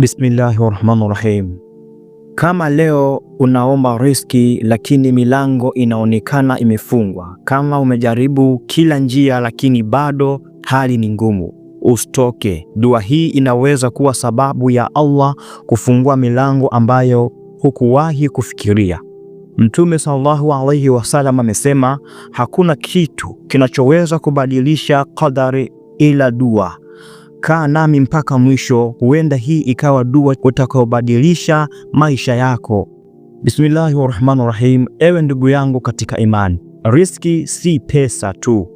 Bismillahi rahmani rahim. Kama leo unaomba riski lakini milango inaonekana imefungwa, kama umejaribu kila njia lakini bado hali ni ngumu, usitoke. Dua hii inaweza kuwa sababu ya Allah kufungua milango ambayo hukuwahi kufikiria. Mtume sallallahu alaihi wasallam amesema, hakuna kitu kinachoweza kubadilisha kadari ila dua. Kaa nami mpaka mwisho, huenda hii ikawa dua utakayobadilisha maisha yako. Bismillahi rahmani rahim. Ewe ndugu yangu katika imani, riski si pesa tu.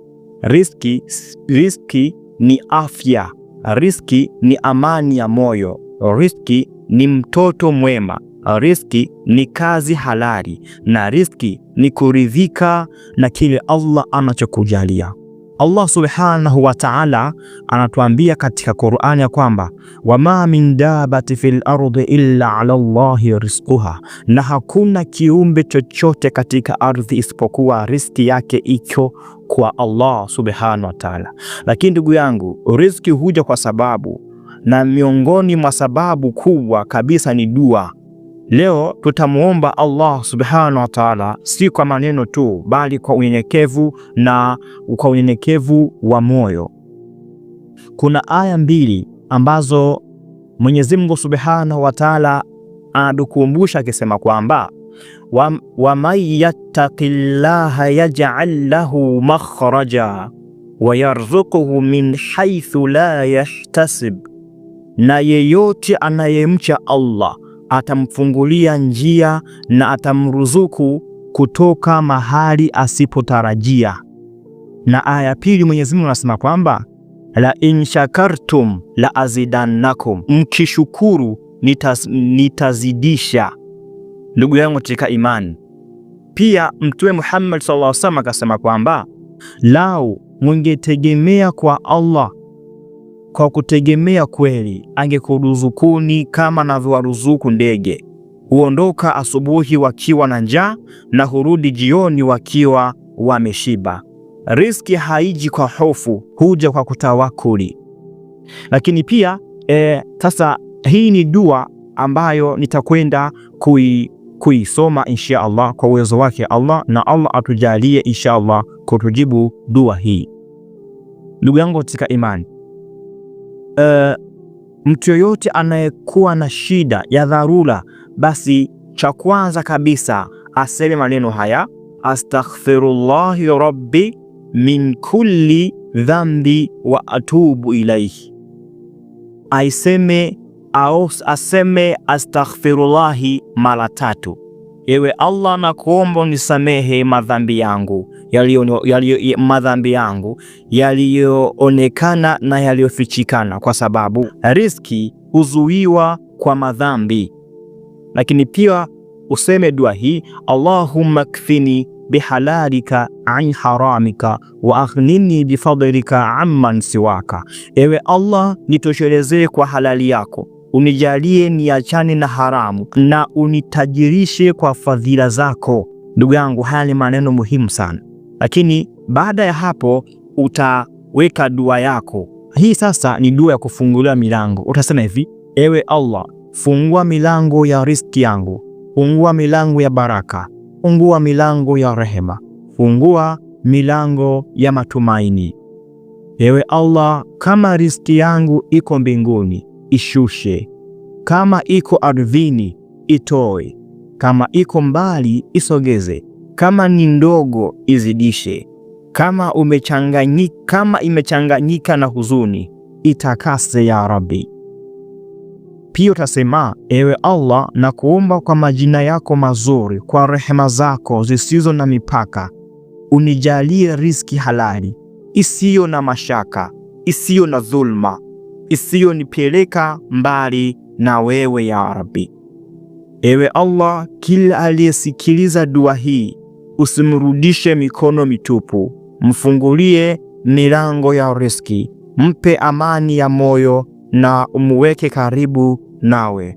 Riski, riski ni afya. Riski ni amani ya moyo. Riski ni mtoto mwema. Riski ni kazi halali, na riski ni kuridhika na kile Allah anachokujalia. Allah subhanahu wa ta'ala anatuambia katika Qur'ani ya kwamba wama min dabati fil ardi illa ala Allahi rizquha, na hakuna kiumbe chochote katika ardhi isipokuwa riziki yake iko kwa Allah subhanahu wa ta'ala. Lakini ndugu yangu, riziki huja kwa sababu, na miongoni mwa sababu kubwa kabisa ni dua Leo tutamwomba Allah subhanahu wa taala, si kwa maneno tu, bali kwa unyenyekevu na kwa unyenyekevu wa moyo. Kuna aya mbili ambazo Mwenyezi Mungu subhanahu wa taala anatukumbusha akisema kwamba waman yattaqillaha yaj'al lahu makhraja wa yarzuquhu min haythu la yahtasib, na yeyote anayemcha Allah atamfungulia njia na atamruzuku kutoka mahali asipotarajia. Na aya ya pili Mwenyezi Mungu anasema kwamba la in shakartum la azidannakum, mkishukuru nitaz, nitazidisha. Ndugu yangu katika imani, pia Mtume Muhammad sallallahu alaihi wasallam akasema kwamba lau mungetegemea kwa Allah kwa kutegemea kweli, angekuruzukuni kama anavyowaruzuku ndege. Huondoka asubuhi wakiwa na njaa na hurudi jioni wakiwa wameshiba. Riski haiji kwa hofu, huja kwa kutawakuli. Lakini pia e, sasa e, hii ni dua ambayo nitakwenda kui kuisoma insha Allah kwa uwezo wake Allah, na Allah atujalie insha Allah kutujibu dua hii. Ndugu yangu katika imani, Eh, mtu yoyote anayekuwa na shida ya dharura, basi cha kwanza kabisa aseme maneno haya astaghfirullahi rabbi min kulli dhambi wa atubu ilaihi. Aiseme au aseme astaghfirullahi mara tatu. Ewe Allah, nakuomba unisamehe madhambi yangu yaliyo, madhambi yangu yaliyoonekana na yaliyofichikana, kwa sababu riski huzuiwa kwa madhambi. Lakini pia useme dua hii, Allahumma kfini bihalalika an haramika wa aghnini bifadlika amman siwaka, ewe Allah nitoshelezee kwa halali yako unijalie niachane na haramu na unitajirishe kwa fadhila zako. Ndugu yangu, haya ni maneno muhimu sana. Lakini baada ya hapo utaweka dua yako. Hii sasa ni dua ya kufungulia milango. Utasema hivi: ewe Allah, fungua milango ya riziki yangu, fungua milango ya baraka, fungua milango ya rehema, fungua milango ya matumaini. Ewe Allah, kama riziki yangu iko mbinguni ishushe, kama iko ardhini itoe, kama iko mbali isogeze, kama ni ndogo izidishe, kama umechanganyika, kama imechanganyika na huzuni itakase ya Rabbi. Pia utasema ewe Allah, na kuomba kwa majina yako mazuri, kwa rehema zako zisizo na mipaka, unijalie riski halali isiyo na mashaka, isiyo na dhulma, isiyonipeleka mbali na wewe ya Rabbi. Ewe Allah, kila aliyesikiliza dua hii Usimrudishe mikono mitupu, mfungulie milango ya riski, mpe amani ya moyo na umweke karibu nawe.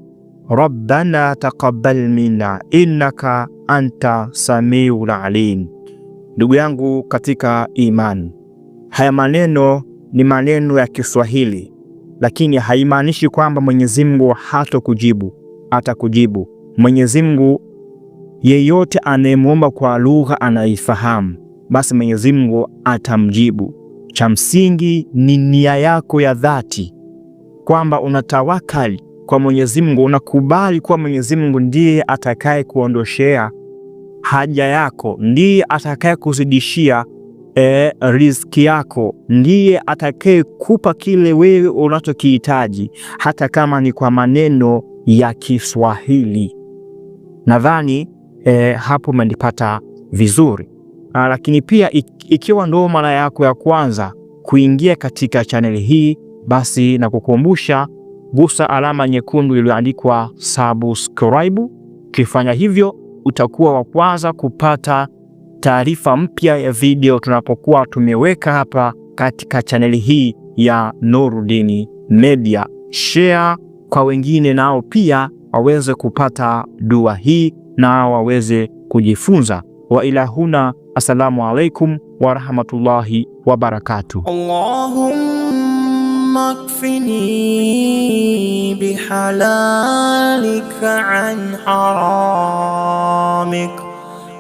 Rabbana taqabbal minna innaka anta samiul alim. Ndugu yangu katika imani, haya maneno ni maneno ya Kiswahili, lakini haimaanishi kwamba Mwenyezi Mungu hatokujibu. Atakujibu. Mwenyezi Mungu Yeyote anayemwomba kwa lugha anaifahamu, basi Mwenyezi Mungu atamjibu. Cha msingi ni nia yako ya dhati kwamba unatawakali kwa Mwenyezi Mungu, unakubali kuwa Mwenyezi Mungu ndiye atakaye kuondoshea haja yako, ndiye atakaye kuzidishia e, riziki yako, ndiye atakaye kupa kile wewe unachokihitaji, hata kama ni kwa maneno ya Kiswahili. Nadhani eh, hapo umenipata vizuri. Aa, ah, lakini pia ikiwa ndo mara yako ya kwanza kuingia katika chaneli hii, basi na kukumbusha gusa alama nyekundu iliyoandikwa subscribe. Ukifanya hivyo, utakuwa wa kwanza kupata taarifa mpya ya video tunapokuwa tumeweka hapa katika chaneli hii ya Nurdin Media. Share kwa wengine nao pia waweze kupata dua hii na waweze kujifunza. Wa ila huna, assalamu alaikum wa rahmatullahi wa barakatuh. Allahumma kfini bihalalika an haramik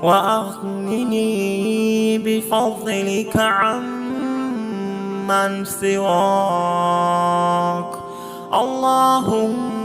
wa aghnini bifadlika an man siwak Allahumma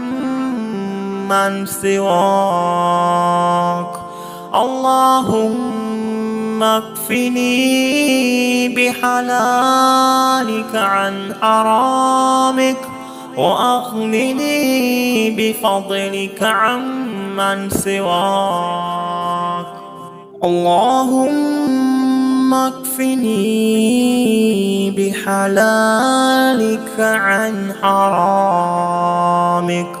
من سواك اللهم اكفني بحلالك عن حرامك وأغنني بفضلك عن من سواك اللهم اكفني بحلالك عن حرامك